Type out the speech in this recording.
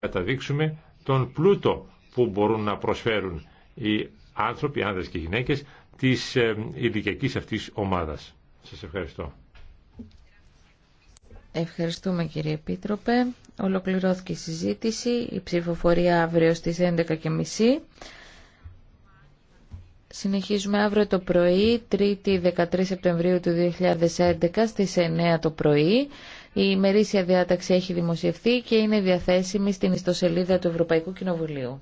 καταδείξουμε τον πλούτο που μπορούν να προσφέρουν οι άνθρωποι, άνδρες και γυναίκες της ηλικιακής ε, αυτής ομάδας. Σας ευχαριστώ. Ευχαριστούμε κύριε Επίτροπε. Ολοκληρώθηκε η συζήτηση. Η ψηφοφορία αύριο στις 11.30. Συνεχίζουμε αύριο το πρωί, 3η 13 Σεπτεμβρίου του 2011 στις 9 το πρωί. Η ημερήσια διάταξη έχει δημοσιευθεί και είναι διαθέσιμη στην ιστοσελίδα του Ευρωπαϊκού Κοινοβουλίου.